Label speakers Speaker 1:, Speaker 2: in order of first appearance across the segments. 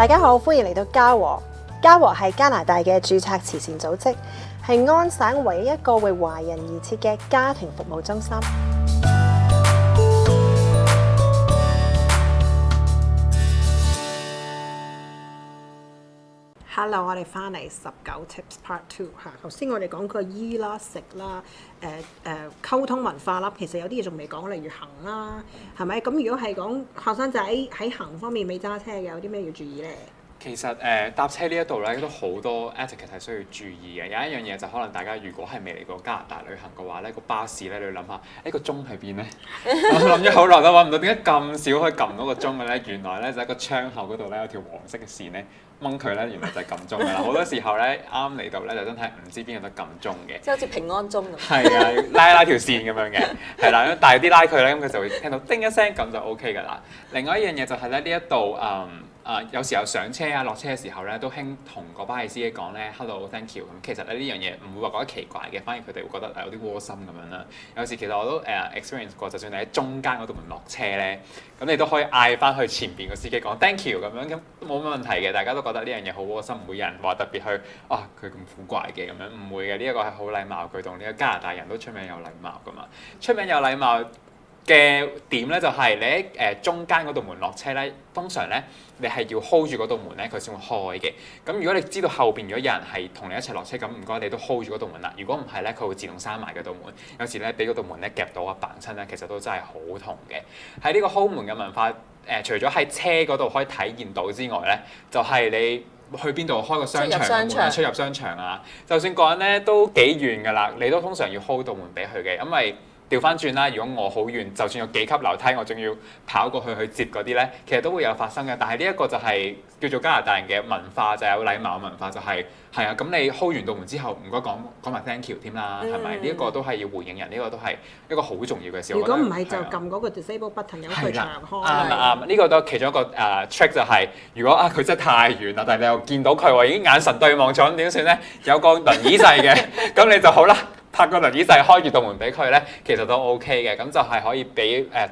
Speaker 1: 大家好，歡迎嚟到家和。家和係加拿大嘅註冊慈善組織，係安省唯一一個為華人而設嘅家庭服務中心。Hello，我哋翻嚟十九 tips part two 吓、啊，頭先我哋講個醫啦、食啦、誒誒溝通文化啦，其實有啲嘢仲未講，例如行啦，係咪？咁、啊、如果係講學生仔喺行方面未揸車嘅，有啲咩要注意咧？
Speaker 2: 其實誒、呃、搭車呢一度咧都好多 etiquette 係需要注意嘅。有一樣嘢就可能大家如果係未嚟過加拿大旅行嘅話咧、欸，個巴士咧你要諗下，誒個鐘喺邊咧？我諗咗好耐都揾唔到，點解咁少可以撳到個鐘嘅咧？原來咧就喺、是、個窗口嗰度咧有條黃色嘅線咧，掹佢咧原來就係撳鐘嘅啦。好多時候咧啱嚟到咧就真係唔知邊度得撳鐘嘅。即係
Speaker 3: 好似平安鐘咁。係
Speaker 2: 啊，拉一拉一條線咁樣嘅，係啦。但係有啲拉佢咧，咁佢就會聽到叮一聲，咁就 OK 嘅啦。另外一樣嘢就係咧呢一度嗯。啊，uh, 有時候上車啊、落車嘅時候咧，都興同嗰班嘅司機講咧，hello，thank you。咁其實咧呢樣嘢唔會話覺得奇怪嘅，反而佢哋會覺得有啲窩心咁樣啦。有時其實我都誒、uh, experience 過，就算你喺中間嗰度唔落車咧，咁你都可以嗌翻去前邊個司機講 thank you 咁樣，咁都冇乜問題嘅。大家都覺得呢樣嘢好窩心，唔會有人話特別去啊佢咁古怪嘅咁樣，唔會嘅。呢、這、一個係好禮貌舉動，佢同呢個加拿大人都出名有禮貌噶嘛，出名有禮貌。.嘅點咧就係、是、你喺誒、呃、中間嗰道門落車咧，通常咧你係要 hold 住嗰道門咧，佢先會開嘅。咁如果你知道後邊如果有人係同你一齊落車，咁唔該你都 hold 住嗰道門啦。如果唔係咧，佢會自動閂埋嗰道門。有時咧俾嗰道門咧夾到啊，掹親咧其實都真係好痛嘅。喺呢個 hold 門嘅文化誒、呃，除咗喺車嗰度可以體現到之外咧，就係、是、你去邊度開個商，商場、出入商場啊，就算個人咧都幾遠噶啦，你都通常要 hold 道門俾佢嘅，因為。掉返轉啦！如果我好遠，就算有幾級樓梯，我仲要跑過去去接嗰啲咧，其實都會有發生嘅。但係呢一個就係叫做加拿大人嘅文化就係、有禮貌文化，就係係啊。咁你 hold 完道門之後，唔該講講埋 thank you 添啦，係咪？呢一、嗯、個都係要回應人，呢、呢個都係一個好重要嘅事。如果
Speaker 1: 唔係的就
Speaker 2: 撳嗰個 disable button 有佢長開。的啊呢個都係其中一個誒 trick、啊、就係、係，如果啊佢真係太遠啦，但係你又見到佢喎，已經眼神對望咗，咁點算咧？有個輪椅掣嘅，咁你就好啦。拍個輪椅就開住道門俾佢咧，其實都 OK 嘅，咁就係可以俾誒。呃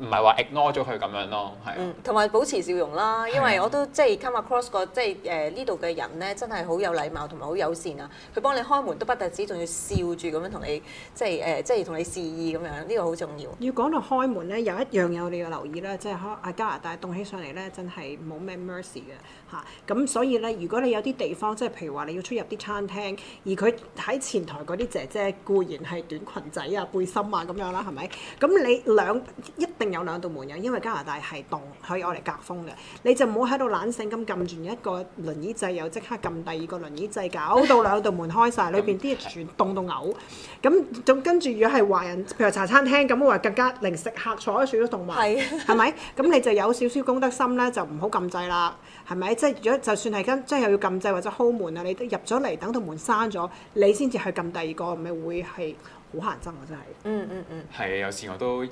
Speaker 2: 唔係話 ignore 咗佢咁樣咯，係
Speaker 3: 同埋保持笑容啦，的因為我都即係 come across 個即係誒、呃、呢度嘅人咧，真係好有禮貌同埋好友善啊！佢幫你開門都不特止，仲要笑住咁樣同你即係誒，即係同、呃呃、你示意咁樣，呢、這個好重要、
Speaker 1: 啊。要講到開門咧，有一樣有你嘅留意啦，即係喺加拿大凍起上嚟咧，真係冇咩 mercy 嘅嚇。咁、啊、所以咧，如果你有啲地方即係譬如話你要出入啲餐廳，而佢喺前台嗰啲姐、姐姐固然係短裙仔啊、背心啊咁樣啦，係咪？咁你兩一定。有兩道門入，因為加拿大係凍，可以攞嚟隔風嘅，你就唔好喺度懶醒咁撳住一個輪椅掣，又即刻撳第二個輪椅掣，搞到兩道門開晒，裏邊啲嘢全凍到嘔。咁，咁跟住如果係華人，譬如茶餐廳咁，我話更加令食客坐喺處都凍埋，係咪是？咁你就有少少公德心咧，就唔好撳掣啦，係咪？即係如果就算係跟，即係又要撳掣或者開門啊，你入咗嚟，等到門閂咗，你先至去撳第二個，咪會係好黑人憎我真
Speaker 2: 係、嗯，嗯嗯嗯，係有時我都。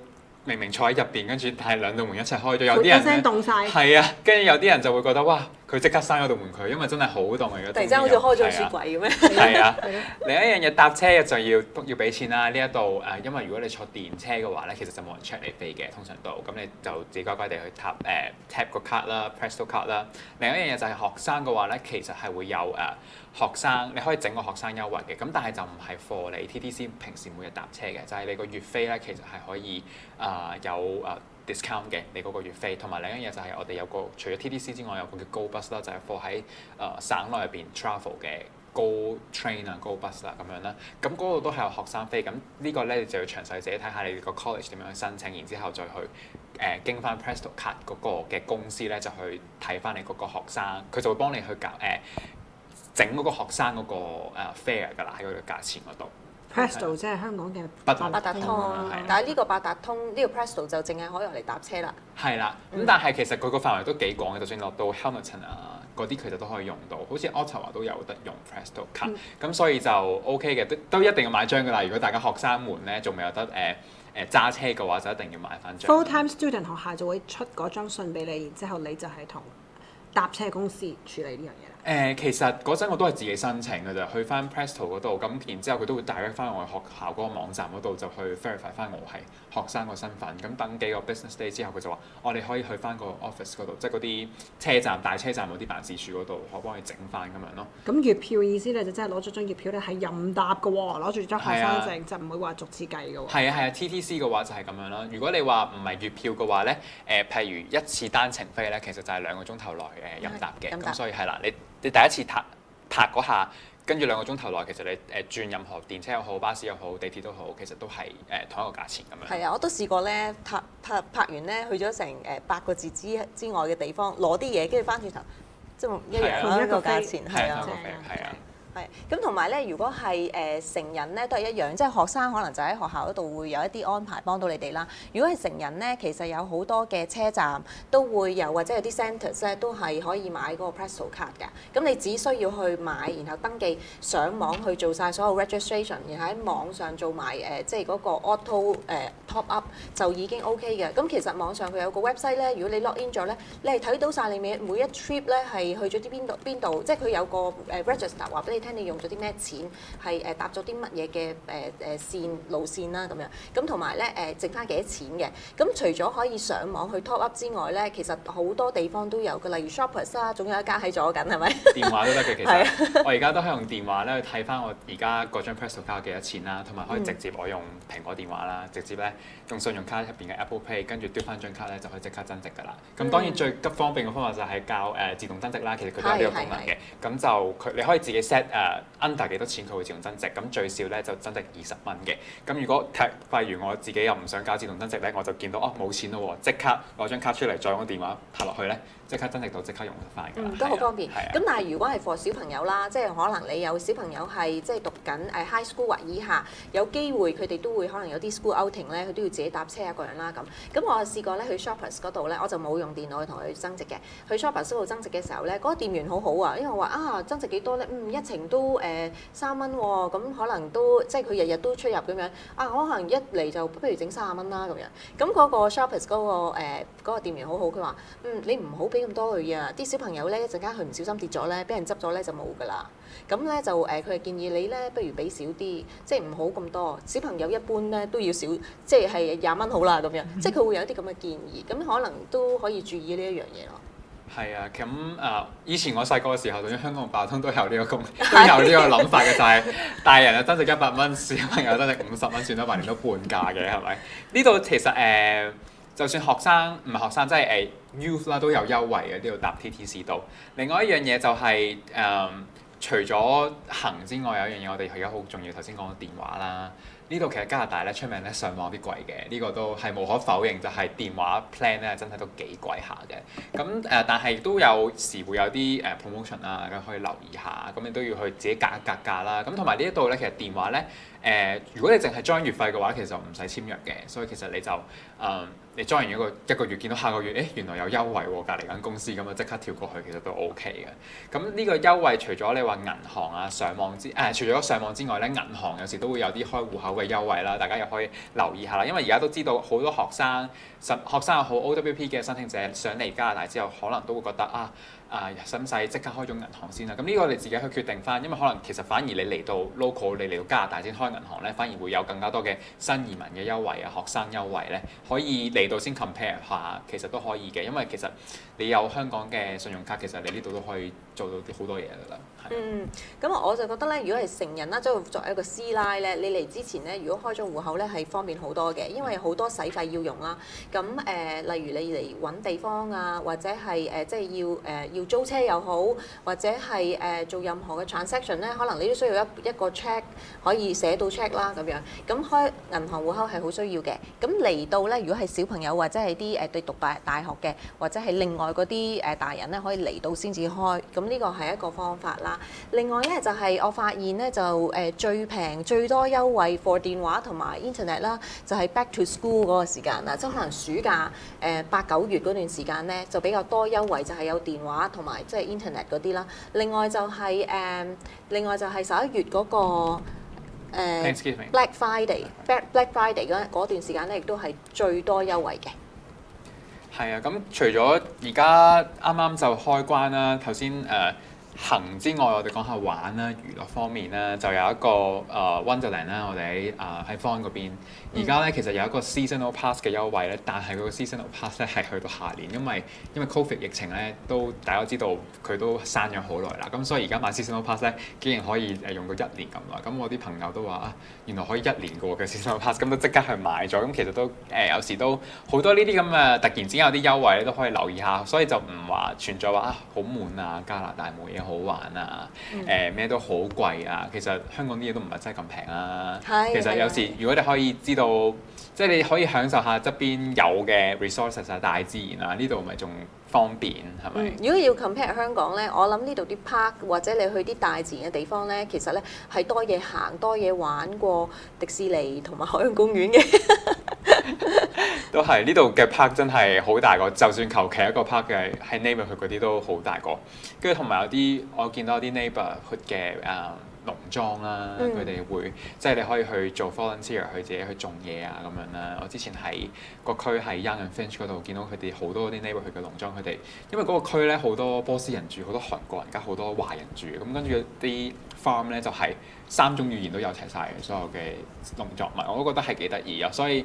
Speaker 2: 明明坐喺入邊，跟住但係兩道門一齊開咗，有啲人凍晒係啊，跟住有啲人就會覺得哇，佢即刻閂嗰道門佢，因為真係好凍啊！突然間好似開咗雪櫃咁樣？
Speaker 1: 係 啊，
Speaker 2: 另一樣嘢搭車嘅就要都要俾錢啦。呢一度誒，因為如果你坐電車嘅話咧，其實就冇人 check 你飛嘅，通常都咁你就自乖，乖乖地去搭誒 tap 個 card 啦，presto card 啦。另一樣嘢就係學生嘅話咧，其實係會有誒。啊學生你可以整個學生優惠嘅，咁但係就唔係貨你 TTC 平時每日搭車嘅，就係、是、你，月、呃呃、你個月飛咧其實係可以啊有啊 discount 嘅你嗰個月飛，同埋另一樣嘢就係我哋有個除咗 TTC 之外有個叫 Go Bus 啦，就係貨喺啊省內入邊 travel 嘅 Go Train 啊 Go Bus 啦咁樣啦，咁、嗯、嗰、那個都係有學生飛，咁呢個咧你就要詳細自己睇下你個 college 點樣去申請，然之後再去誒、呃、經翻 Presto Card 嗰個嘅公司咧就去睇翻你嗰個學生，佢就會幫你去搞誒。呃整嗰個學生嗰、那個、uh, fare 㗎啦，喺個價錢嗰度。
Speaker 1: p r e s d Prest o 是、啊、 即係香港嘅八
Speaker 2: 八
Speaker 3: 達通，是啊、但係呢個八達通呢個 p r e s d o 就淨係可以用嚟搭車啦。
Speaker 2: 係啦，咁但係其實佢個範圍都幾廣嘅，就算落到 Helmuton 啊嗰啲，其實都可以用到。好似 o 澳洲啊都有得用 p r e s d o 卡，咁所以就 OK 嘅，都都一定要買張㗎啦。如果大家學生們咧仲未有得誒誒揸車嘅話，就一定要買翻張。Full-time
Speaker 1: student 學校就會出嗰張信俾你，然之後你就係同搭車公司處理呢樣嘢啦。
Speaker 2: 誒其實嗰陣我都係自己申請㗎咋，去翻 Presto 嗰度，咁然之後佢都會 direct 翻我學校嗰個網站嗰度就去 verify 翻我係學生個身份，咁等幾個 business day 之後，佢就話我哋可以去翻個 office 嗰度，即係嗰啲車站大車站嗰啲辦事處嗰度，可幫你整翻咁樣咯。
Speaker 1: 咁月票意思咧就真係攞咗張月票咧係任搭㗎喎，攞住張學生證、啊、就唔會話逐次計㗎喎。係啊係
Speaker 2: 啊，TTC 嘅話就係咁樣啦。如果你話唔係月票嘅話咧，誒、呃、譬如一次單程飛咧，其實就係兩個鐘頭內誒、呃、任搭嘅，咁、啊、所以係啦、啊、你。 你第一次拍拍嗰下，跟住兩個鐘頭內，其實你誒轉、呃、任何電車又好、巴士又好、地鐵都好，其實都係誒、呃、同一個價錢咁樣。係啊，
Speaker 3: 我都試過咧，拍拍拍完咧，去咗成誒八個字之之外嘅地方攞啲嘢，跟住翻轉頭，即係一樣一個價錢，係啊的。咁同埋咧，如果係誒、呃、成人咧，都係一樣，即係學生可能就喺學校度會有一啲安排幫到你哋啦。如果係成人咧，其實有好多嘅車站都會有，或者有啲 centres 咧，都係可以買個 Presto 卡嘅。咁你只需要去買，然後登記上網去做晒所有 registration，然後喺網上做埋誒、呃、即係嗰個 auto 誒、呃、top up 就已經 OK 嘅。咁、嗯、其實網上佢有個 website 咧，如果你 log in 咗咧，你係睇到晒你每一每一 trip 咧係去咗啲邊度邊度，即係佢有個誒 register 話俾你聽。你用咗啲咩錢，係誒搭咗啲乜嘢嘅誒誒線路線啦咁樣，咁同埋咧誒淨翻幾多錢嘅，咁、嗯、除咗可以上網去 top up 之外咧，其實好多地方都有嘅，例如 Shoppers 啦、啊，總有一家喺左近係咪？電
Speaker 2: 話都得嘅，其實是、啊、我而家都係用電話咧去睇翻我而家嗰張 Presto 卡有幾多錢啦，同埋可以直接我用蘋果電話啦，直接咧用信用卡入邊嘅 Apple Pay 跟住揼翻張卡咧就可以即刻增值㗎啦。咁當然最急方便嘅方法就係教誒、呃、自動增值啦，其實佢都有呢個功能嘅，咁就佢你可以自己 set。誒、uh, under 幾多錢佢會自動增值，咁最少咧就增值二十蚊嘅。咁如果譬如我自己又唔想搞自動增值咧，我就見到哦冇錢咯，即刻攞張卡出嚟，再用個電話拍落去咧，即刻增值到，即刻用得快嘅。嗯，都好方
Speaker 3: 便。咁、啊啊、但係如果係 for 小朋友啦，即係可能你有小朋友係即係讀緊誒 high school 或以下，有機會佢哋都會可能有啲 school outing 咧，佢都要自己搭車一個人啦咁。咁我試過咧去 Shoppers 嗰度咧，我就冇用電腦去同佢增值嘅。去 Shoppers 嗰度增值嘅時候咧，嗰、那個店員好好啊，因為我話啊增值幾多咧、嗯，一都誒、呃、三蚊喎，咁、哦、可能都即係佢日日都出入咁樣啊！可能一嚟就不如整三十蚊啦咁樣。咁、啊、嗰、嗰個 shoppers、嗰個誒嗰、呃嗰個店員好好，佢話：嗯，你唔好俾咁多佢啊！啲小朋友咧一陣間佢唔小心跌咗咧，俾人執咗咧就冇㗎啦。咁、啊、咧就誒，佢、啊、係建議你咧，不如俾少啲，即係唔好咁多。小朋友一般咧都要少，即係係廿蚊好啦咁、啊、樣。即係佢會有一啲咁嘅建議，咁、啊、可能都可以注意呢一樣嘢咯。
Speaker 2: 係啊，咁啊、呃，以前我細個嘅時候，甚至香港八通都有呢、這個公，都有呢個諗法嘅， 就係大人啊，增值一百蚊，小朋友增值五十蚊，算得埋連到半價嘅，係咪？呢度 其實誒、呃，就算學生唔係學生，即係誒、呃、youth 啦，都有優惠嘅，呢度搭 TTC 度。另外一樣嘢就係、是、誒、呃，除咗行之外，有一樣嘢我哋而家好重要，頭先講電話啦。呢度其實加拿大咧出名咧上網有啲貴嘅，呢、這個都係無可否認，就係、是、電話 plan 咧真係都幾貴下嘅。咁誒、呃，但係亦都有時會有啲誒 promotion 啦，咁、呃啊、可以留意下。咁你都要去自己格一格價啦。咁同埋呢一度咧，其實電話咧誒、呃，如果你淨係 join 月費嘅話，其實就唔使簽約嘅，所以其實你就誒。嗯你裝完一個一個月，見到下個月，誒、欸、原來有優惠喎、啊，隔離間公司咁樣，即刻跳過去，其實都 OK 嘅。咁呢個優惠除咗你話銀行啊上網之，誒、呃、除咗上網之外咧，銀行有時都會有啲開戶口嘅優惠啦，大家又可以留意下啦。因為而家都知道好多學生、學生又好 OWP 嘅申請者上嚟加拿大之後，可能都會覺得啊。啊，使唔使即刻開咗銀行先啦。咁、嗯、呢、這個你自己去決定翻，因為可能其實反而你嚟到 local，你嚟到加拿大先開銀行咧，反而會有更加多嘅新移民嘅優惠啊，學生優惠咧，可以嚟到先 compare 下，其實都可以嘅。因為其實你有香港嘅信用卡，其實你呢度都可以做到啲好多嘢㗎啦。嗯，
Speaker 3: 咁我就覺得咧，如果係成人啦，即係作為一個師奶咧，你嚟之前咧，如果開咗戶口咧，係方便好多嘅，因為好多使費要用啦。咁誒、呃，例如你嚟揾地方啊，或者係誒、呃，即係要誒。呃要要租車又好，或者係誒、呃、做任何嘅 transaction 咧，可能你都需要一一個 check 可以寫到 check 啦咁樣。咁開銀行戶口係好需要嘅。咁嚟到咧，如果係小朋友或者係啲誒讀大大學嘅，或者係另外嗰啲誒大人咧，可以嚟到先至開。咁呢個係一個方法啦。另外咧就係、是、我發現咧就誒、呃、最平最多優惠 for 電話同埋 internet 啦，就係、是、back to school 嗰個時間啦，即、就、係、是、可能暑假誒八九月嗰段時間咧就比較多優惠，就係有電話。同埋即係 internet 嗰啲啦。另外就係、是、誒、呃，另外就係十一月嗰、那個誒、呃、Excuse me. Black Friday，Black Friday 嗰 Black Friday. Friday 段時間咧，亦都係最多優惠嘅。
Speaker 2: 係啊，咁除咗而家啱啱就開關啦，頭先誒行之外，我哋講下玩啦，娛樂方面啦，就有一個誒 Wonderland 啦，呃、Wonderland, 我哋喺誒喺 Fun 嗰邊。呃而家咧其實有一個 seasonal pass 嘅優惠咧，但係佢個 seasonal pass 咧係去到下年，因為因為 COVID 疫情咧都大家都知道佢都閂咗好耐啦，咁、嗯、所以而家買 seasonal pass 咧竟然可以誒用到一年咁耐，咁我啲朋友都話啊，原來可以一年過嘅 seasonal pass，咁都即刻去買咗，咁、嗯、其實都誒、呃、有時都好多呢啲咁嘅突然之間有啲優惠咧都可以留意下，所以就唔話存在話啊，好悶啊，加拿大冇嘢好玩啊誒咩、呃、都好貴啊，其實香港啲嘢都唔係真係咁平啊。是其實有時如果你可以知。到即係你可以享受下側邊有嘅 resources 啊，大自然啊，呢度咪仲方便，係咪？
Speaker 3: 如果要 compare 香港呢，我諗呢度啲 park 或者你去啲大自然嘅地方呢，其實呢係多嘢行多嘢玩過迪士尼同埋海洋公園嘅。
Speaker 2: 都係呢度嘅 park 真係好大個，就算求其一個 park 嘅喺 neighbour 佢嗰啲都好大個，跟住同埋有啲我見到有啲 neighbourhood 嘅誒。嗯農莊啦，佢哋會即係你可以去做 volunteer，去自己去種嘢啊咁樣啦。我之前喺、個區係 Young and Finch 嗰度見到佢哋好多啲 neighborhood 嘅農莊，佢哋因為嗰個區咧好多波斯人住，好多韓國人家，好多華人住，咁跟住啲 farm 咧就係、係、三種語言都有齊晒嘅所有嘅農作物，我都覺得係幾得意啊，所以。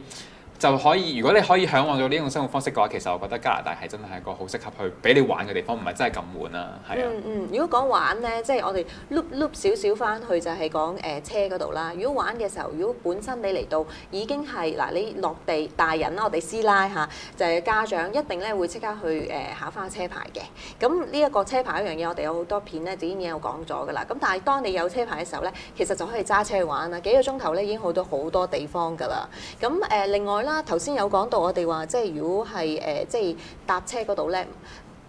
Speaker 2: 就可以，如果你可以嚮往到呢種生活方式嘅話，其實我覺得加拿大係真係一個好適合去俾你玩嘅地方，唔係真係咁悶啊。係啊，
Speaker 3: 嗯，嗯，如果講玩呢，即係我哋碌碌少少翻去就係講誒車嗰度啦。如果玩嘅時候，如果本身你嚟到已經係嗱、呃、你落地大人啦，我哋師奶吓、啊，就係、是、家長一定咧會即刻去誒考翻車牌嘅。咁呢一個車牌一樣嘢，我哋有好多片咧，啲嘢有講咗噶啦。咁但係當你有車牌嘅時候咧，其實就可以揸車去玩啦。幾個鐘頭咧已經去到好多地方噶啦。咁誒、呃、另外啦。頭先有講到我，我哋話即係如果係誒、呃，即係搭車嗰度咧，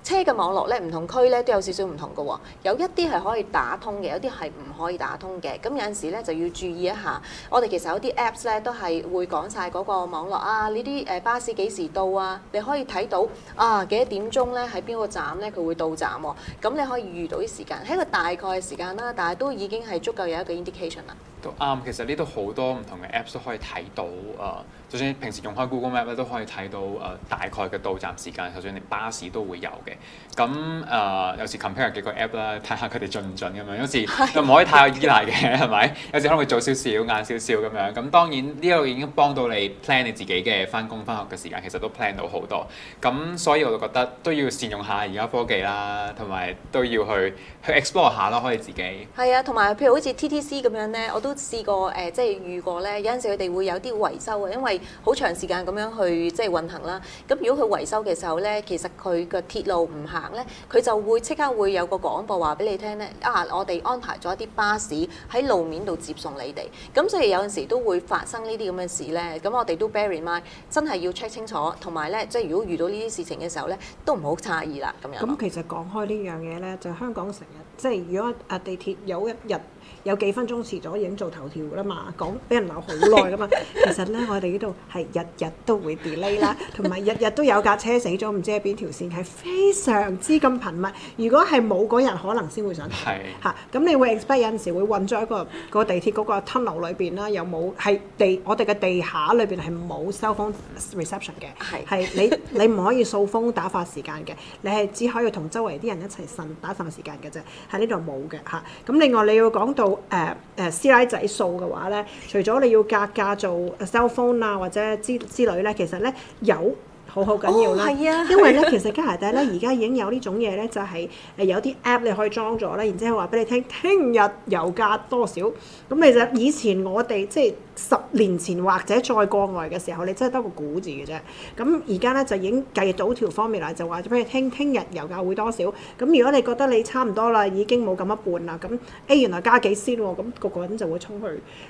Speaker 3: 車嘅網絡咧，唔同區咧都有少少唔同嘅喎、哦。有一啲係可以打通嘅，有啲係唔可以打通嘅。咁有陣時咧就要注意一下。我哋其實有啲 Apps 咧都係會講晒嗰個網絡啊，呢啲誒巴士幾時到啊？你可以睇到啊幾多點鐘咧喺邊個站咧佢會到站、啊，咁你可以預到啲時間，喺一個大概嘅時間啦、啊。但係都已經係足夠有一個 indication 啦。
Speaker 2: 都啱、嗯，其實呢度好多唔同嘅 Apps 都可以睇到誒、呃，就算平時用開 Google Map 咧都可以睇到誒、呃、大概嘅到站時間，就算你巴士都會有嘅。咁誒、呃、有時 compare 幾個 App 啦，睇下佢哋準唔準咁樣。有時就唔 可以太有依賴嘅，係咪？ 有時可能會早少少、晏少少咁樣。咁當然呢度已經幫到你 plan 你自己嘅翻工翻學嘅時間，其實都 plan 到好多。咁所以我就覺得都要善用下而家科技啦，同埋都要去去 explore 下啦。可以自己。
Speaker 3: 係啊， 同埋譬如好似 TTC 咁樣咧，我都試過誒、呃，即係遇過咧，有陣時佢哋會有啲維修嘅，因為好長時間咁樣去即係運行啦。咁如果佢維修嘅時候咧，其實佢個鐵路唔行咧，佢就會即刻會有個廣播話俾你聽咧。啊，我哋安排咗一啲巴士喺路面度接送你哋。咁所以有陣時都會發生這這呢啲咁嘅事咧。咁我哋都 bear in mind，真係要 check 清楚。同埋咧，即係如果遇到呢啲事情嘅時候咧，都唔好詫異啦。咁樣。咁其
Speaker 1: 實講開呢樣嘢咧，就是、香港成日即係如果啊地鐵有一日，有幾分鐘遲咗已經做頭條啦嘛，講俾人鬧好耐噶嘛。其實咧，我哋呢度係日日都會 delay 啦，同埋日日都有架車死咗，唔知喺邊條線，係非常之咁頻密。如果係冇嗰人，可能先會想係嚇。咁是、啊、你會 expect 有陣時會困咗一個嗰、那個、地鐵嗰個 tunnel 裏邊啦，有冇係地我哋嘅地下裏邊係冇掃風 reception 嘅，係是你你唔可以掃風打發時間嘅，你係只可以同周圍啲人一齊呻打發時間嘅啫，喺呢度冇嘅嚇。咁、啊、另外你要講到。誒誒、呃呃，師奶仔數嘅話咧，除咗你要格價做誒 cell phone 啊，或者之之類咧，其實咧有。好好緊要啦，哦啊啊、因為咧其實加拿大咧而家已經有種呢種嘢咧，就係、是、誒有啲 app 你可以裝咗啦。然之後話俾你聽，聽日油價多少？咁其實以前我哋即係十年前或者再過外嘅時候，你真係得個估字嘅啫。咁而家咧就已經計到條方面啦，就話俾你聽，聽日油價會多少？咁如果你覺得你差唔多啦，已經冇咁一半啦，咁 A 原來加幾先喎、哦？咁、那個個人就會衝去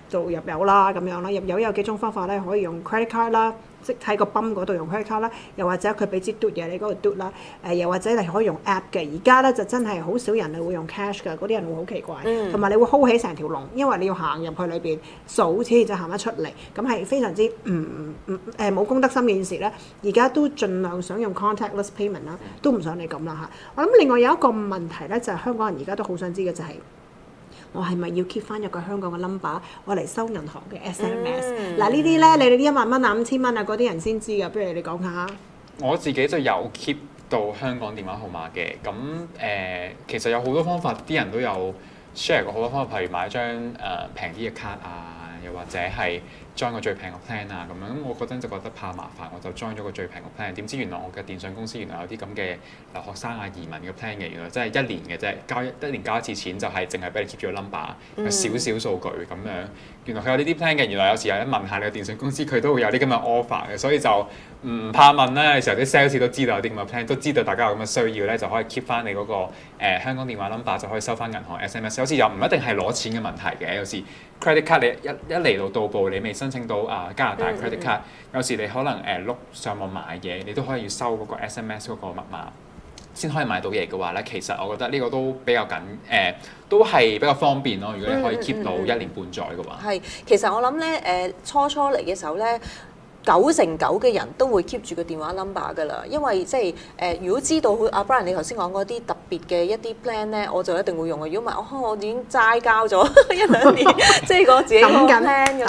Speaker 1: 做入油啦，咁樣啦，入油有幾種方法咧，可以用 credit card 啦。即喺個泵嗰度用 r 卡啦，又或者佢俾支嘟嘢你嗰度嘟啦，誒、呃、又或者你可以用 app 嘅。而家咧就真係好少人會用 cash 㗎，嗰啲人會好奇怪，同埋你會 hold 起成條龍，因為你要行入去裏邊數先，就行得出嚟，咁係非常之唔唔唔冇公德心嘅件事咧。而家都盡量想用 contactless payment 啦，都唔想你咁啦嚇。我諗另外有一個問題咧，就係、是、香港人而家都好想知嘅就係、是。我係咪要 keep 翻入個香港嘅 number，我嚟收銀行嘅 SMS？嗱呢啲咧，你哋啲一萬蚊啊、五千蚊啊嗰啲人先知㗎。不如你哋講下。
Speaker 2: 我自己就有 keep 到香港電話號碼嘅。咁誒、呃，其實有好多方法，啲人都有 share 過好多方法，譬如買張誒平啲嘅卡啊，又或者係，裝個最平個 plan 啊咁樣，咁我嗰陣就覺得怕麻煩，我就裝咗個最平個 plan。點知原來我嘅電信公司原來有啲咁嘅留學生啊移民嘅 plan 嘅，原來真係一年嘅啫，交一,一年交一次錢就係淨係俾你 keep 住個 number，有少少數據咁樣。原來佢有呢啲 plan 嘅，原來有時候一問下你嘅電信公司，佢都會有啲咁嘅 offer 嘅，所以就唔怕問啦，時有時候啲 sales 都知道有啲咁嘅 plan，都知道大家有咁嘅需要咧，就可以 keep 翻你嗰、嗰個、呃、香港電話 number 就可以收翻銀行 sms 有。有時又唔一定係攞錢嘅問題嘅，有時 credit card 你一一嚟到到步你未。申請到啊加拿大 credit card、嗯嗯、有時你可能誒碌、呃、上網買嘢，你都可以要收嗰個 SMS 嗰個密碼，先可以買到嘢嘅話咧，其實我覺得呢個都比較緊誒、呃，都係比較方便咯。如果你可以 keep 到一年半載嘅話，
Speaker 3: 係、嗯嗯嗯、其實我諗咧誒初初嚟嘅時候咧。九成九嘅人都會 keep 住個電話 number 㗎啦，因為即係誒，如果知道阿 Brian 你頭先講嗰啲特別嘅一啲 plan 咧，我就一定會用嘅。如果唔係，我我已經齋交咗一兩年，即係個自己 plan 咁樣，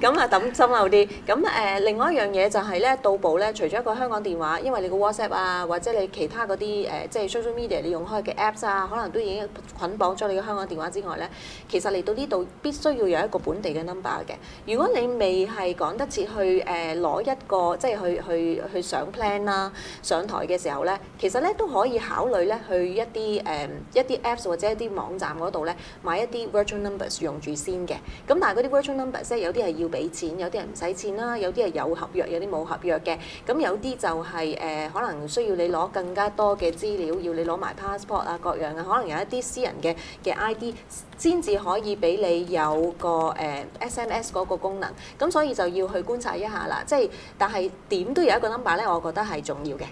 Speaker 3: 咁啊抌心漏啲。咁誒，另外一樣嘢就係咧，到步咧，除咗一個香港電話，因為你個 WhatsApp 啊，或者你其他嗰啲誒，即係 social media 你用開嘅 apps 啊，可能都已經捆綁咗你嘅香港電話之外咧，其實嚟到呢度必須要有一個本地嘅 number 嘅。如果你未係講得切去誒。攞一個即係去去去上 plan 啦，上台嘅時候咧，其實咧都可以考慮咧去一啲誒一啲 apps 或者一啲網站度咧買一啲 virtual numbers 用住先嘅。咁但係嗰啲 virtual numbers 即係有啲係要俾錢，有啲係唔使錢啦，有啲係有合約，有啲冇合約嘅。咁有啲就係誒可能需要你攞更加多嘅資料，要你攞埋 passport 啊各樣啊，可能有一啲私人嘅嘅 ID 先至可以俾你有個誒 SMS 嗰個功能。咁所以就要去觀察一下啦。即係、就是，但係點都有一個 number 咧，我覺得係重要嘅。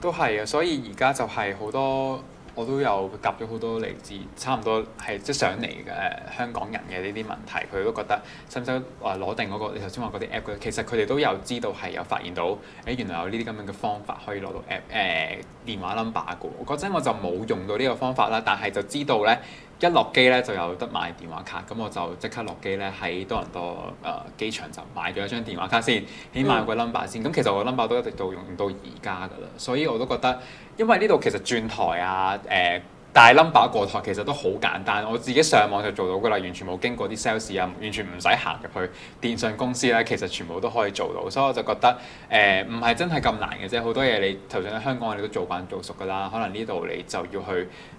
Speaker 2: 都係啊，所以而家就係好多我都有夾咗好多嚟自差唔多係即係上嚟嘅、呃、香港人嘅呢啲問題，佢都覺得使唔使誒攞定嗰、那個？你頭先話嗰啲 app，其實佢哋都有知道係有發現到誒、欸，原來有呢啲咁樣嘅方法可以攞到 app 誒、呃、電話 number 嘅。我嗰陣我就冇用到呢個方法啦，但係就知道咧。一落機咧就有得買電話卡，咁我就即刻落機咧喺多倫多誒、呃、機場就買咗一張電話卡先，起碼有個 number 先。咁、嗯、其實我 number 都一直到用到用到而家㗎啦，所以我都覺得，因為呢度其實轉台啊誒。呃大 number 過台其實都好簡單，我自己上網就做到噶啦，完全冇經過啲 sales 啊，完全唔使行入去電信公司咧，其實全部都可以做到，所以我就覺得誒唔係真係咁難嘅啫。好多嘢你頭先喺香港，你都做慣做熟噶啦，可能呢度你就要去誒、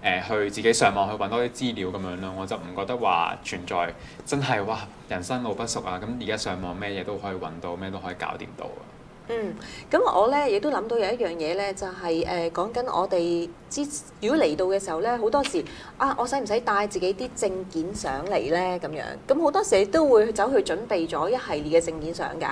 Speaker 2: 呃、去自己上網去揾多啲資料咁樣咯。我就唔覺得話存在真係哇人生路不熟啊！咁而家上網咩嘢都可以揾到，咩都可以搞掂到
Speaker 3: 啊。嗯，咁我咧亦都諗到有一樣嘢咧，就係誒講緊我哋。如果嚟到嘅時候呢，好多時啊，我使唔使帶自己啲證件上嚟呢？咁樣咁好多時你都會走去準備咗一系列嘅證件上㗎。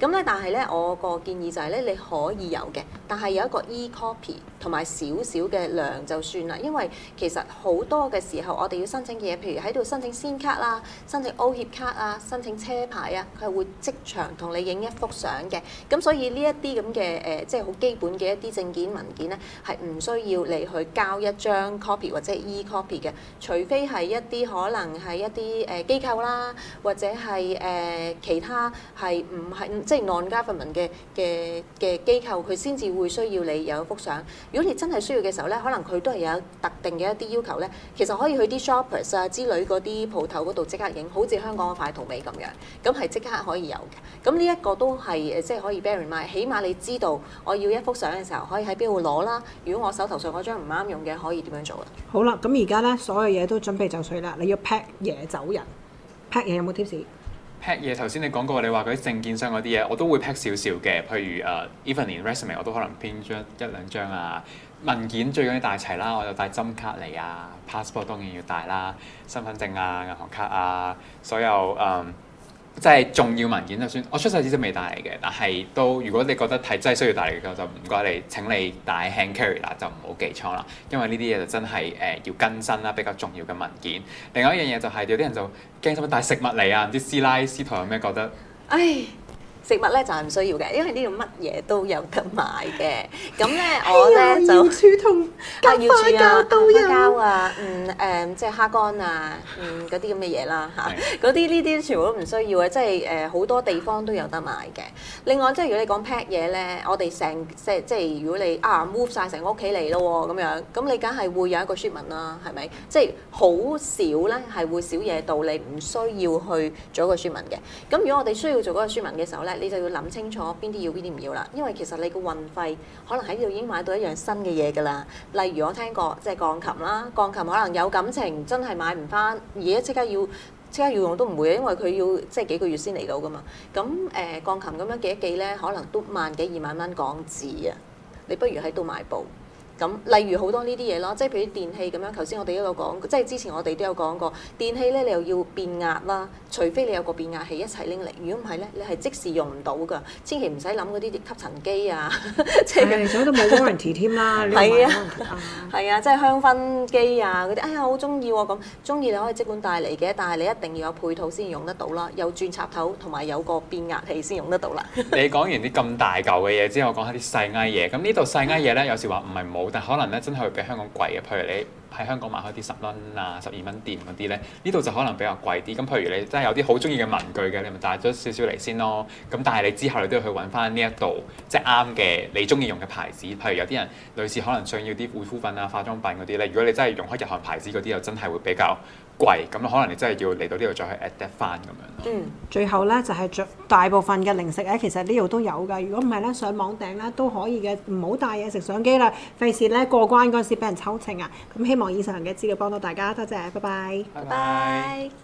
Speaker 3: 咁咧，但係呢，我個建議就係呢：你可以有嘅，但係有一個 e copy 同埋少少嘅量就算啦。因為其實好多嘅時候，我哋要申請嘅嘢，譬如喺度申請先卡啦、申請澳協卡啊、申請車牌啊，佢係會即場同你影一幅相嘅。咁所以呢一啲咁嘅誒，即係好基本嘅一啲證件文件呢，係唔需要。嚟去交一張 copy 或者 e copy 嘅，除非係一啲可能係一啲誒機構啦，或者係誒、呃、其他係唔係即係 non government 嘅嘅嘅機構，佢先至會需要你有一幅相。如果你真係需要嘅時候咧，可能佢都係有特定嘅一啲要求咧。其實可以去啲 shoppers 啊之類嗰啲鋪頭嗰度即刻影，好似香港嘅快圖美咁樣，咁係即刻可以有嘅。咁呢一個都係誒，即、就、係、是、可以 bear in mind，起碼你知道我要一幅相嘅時候可以喺邊度攞啦。如果我手頭上我張唔啱用嘅可以點樣做
Speaker 1: 啊？好啦，咁而家咧所有嘢都準備就緒啦，你要 pack 嘢走人。pack 嘢有冇 tips？pack
Speaker 2: 嘢頭先你講過，你話嗰啲證件箱嗰啲嘢，我都會 pack 少少嘅，譬如誒、uh, evening resume 我都可能編張一,一兩張啊。文件最緊要帶齊啦，我就帶針卡嚟啊，passport 當然要帶啦，身份證啊、銀行卡啊，所有誒。Um, 即係重要文件就算我出世之前未帶嚟嘅，但係都如果你覺得係真係需要帶嚟嘅，就唔該你請你帶 hand carry 啦，就唔好寄倉啦，因為呢啲嘢就真係誒、呃、要更新啦，比較重要嘅文件。另外一樣嘢就係、是、有啲人就驚心，帶食物嚟啊，啲師奶師徒有咩覺得？
Speaker 3: 唉。食物咧就係、是、唔需要嘅，因為呢度乜嘢都有得買嘅。咁咧、哎、呦我咧就膠啊，膠啊、嗯，膠、嗯就是、啊，嗯誒，即係蝦乾啊，嗯嗰啲咁嘅嘢啦嚇。嗰啲呢啲全部都唔需要嘅，即係誒好多地方都有得買嘅。另外即係如果你講 pack 嘢咧，我哋成即係即係如果你啊 move 晒成屋企嚟咯喎，咁樣，咁你梗係會有一個 shipment 啦，係咪？即係好少咧係會少嘢到你唔需要去做一個 shipment 嘅。咁如果我哋需要做嗰個 shipment 嘅時候咧。你就要諗清楚邊啲要，邊啲唔要啦，因為其實你個運費可能喺度已經買到一樣新嘅嘢㗎啦。例如我聽過即係鋼琴啦，鋼琴可能有感情，真係買唔翻而家，即刻要即刻要用都唔會，因為佢要即係幾個月先嚟到㗎嘛。咁誒鋼琴咁樣寄一寄咧，可能都萬幾二萬蚊港紙啊，你不如喺度買部。咁，例如好多呢啲嘢咯，即係譬如電器咁樣。頭先我哋都有講，即係之前我哋都有講過電器咧，你又要變壓啦，除非你有個變壓器一齊拎嚟。如果唔係咧，你係即時用唔到噶，千祈唔使諗嗰啲吸塵機啊，
Speaker 1: 即係、哎呀。係手都冇 warranty 添啦。係啊，係 啊，
Speaker 3: 即、就、係、是、香薰機啊嗰啲，哎呀好中意喎咁，中意、啊、你可以即管帶嚟嘅，但係你一定要有配套先用得到啦，有轉插頭同埋有個變壓器先用得到啦。
Speaker 2: 你講完啲咁大嚿嘅嘢之後，講下啲細埃嘢。咁呢度細埃嘢咧，有時話唔係冇。但可能咧真係會比香港貴嘅，譬如你喺香港買開啲十蚊啊、十二蚊店嗰啲咧，呢度就可能比較貴啲。咁譬如你真係有啲好中意嘅文具嘅，你咪帶咗少少嚟先咯。咁但係你之後你都要去揾翻呢一度即係啱嘅你中意用嘅牌子。譬如有啲人類似可能想要啲護膚品啊、化妝品嗰啲咧，如果你真係用開日韓牌子嗰啲，又真係會比較貴，咁可能你真係要嚟到呢度再去 add 翻咁樣。
Speaker 1: 嗯，最後呢，就係、是、大部分嘅零食呢，其實呢度都有㗎。如果唔係呢，上網訂呢都可以嘅。唔好帶嘢食上機啦，費事呢，過關嗰陣時俾人抽秤啊。咁希望以上嘅資料幫到大家，多謝，拜拜。拜拜 bye。Bye bye